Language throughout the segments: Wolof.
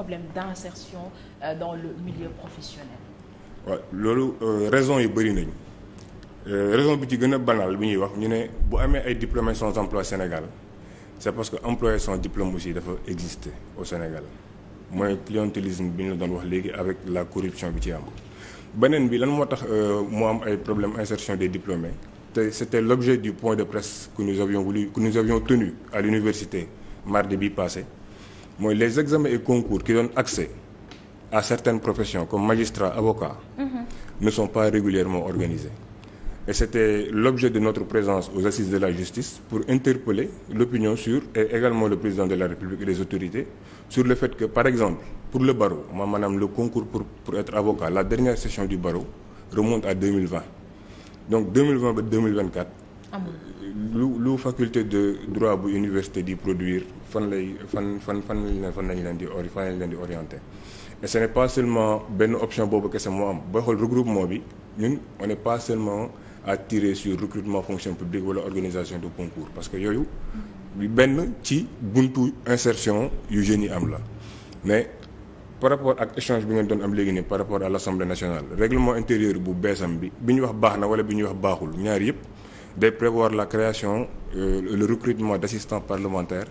problème d'insertion euh, dans le milieu professionnel. waaw loolu euh, raison yi bëri nañu euh, raison bi ci gën a banal bi ñuy wax ñu ne bu amee ay diplômés sans emploi Sénégal c'est parce que employé sans diplôme aussi dafa exister au Sénégal mooy clientélisme bi ñu la doon wax léegi avec la corruption bi ci am. beneen bi lan moo tax moo am ay problème insertion des diplômés te c'était l'objet du point de presse que nous avions voulu que nous avions tenu à l'université mardi bi passé mooy les examens et concours qui donnent accès à certaines professions comme magistrats avocats mm -hmm. ne sont pas régulièrement organisés et c'était l'objet de notre présence aux assises de la justice pour interpeller l'opinion sur et également le président de la République et les autorités sur le fait que par exemple pour le barreau ma maanaam le concours pour pour être avocat la dernière session du barreau remonte à donc lu lu faculté de droit bu université di produire fan lay fan fan fan lañ fan lañ leen di ori fan leen di orienté et ce n'est pas seulement benn option boobu kese moo am booy xool regroupement bi ñun on n'est pas seulement à tirer sur recrutement fonction publique wala organisation de concours parce que yooyu benn ci buntu insertion yu jeunes yi am la mais par rapport ak échange bi ngeen doon am léegi nii par rapport à l'Assemblée nationale règlement intérieur bu beesam bi bi ñu wax baax na wala bi ñuy wax baaxul ñaar yëpp day prévoir la création euh, le recrutement d'assistants parlementaires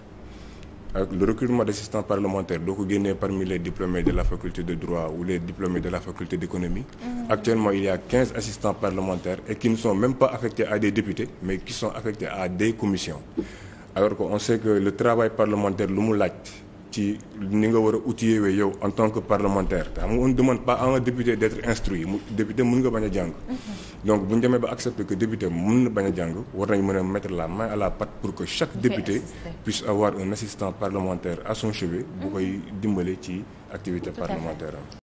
ak le recrutement d'assistants parlementaires doo ko parmi les diplômés de la faculté de droit ou les diplômés de la faculté d'économie mmh. actuellement il y a quinze assistants parlementaires et qui ne sont même pas affectés à des députés mais qui sont affectés à des commissions alors qu'on sait que le travail parlementaire lu mu laaj ci ni nga war a outillé yow en tant que parlementaire te xam nga on ne demande pas à un député d' être instruit mu député mun nga bañ a jàng. donc bu ñu demee ba accepter que député mun na bañ a jàng war nañ mën a mettre la main à la patte pour que chaque député puisse avoir un assistant parlementaire à bu mm-hmm. koy dimbale ci activité parlementaire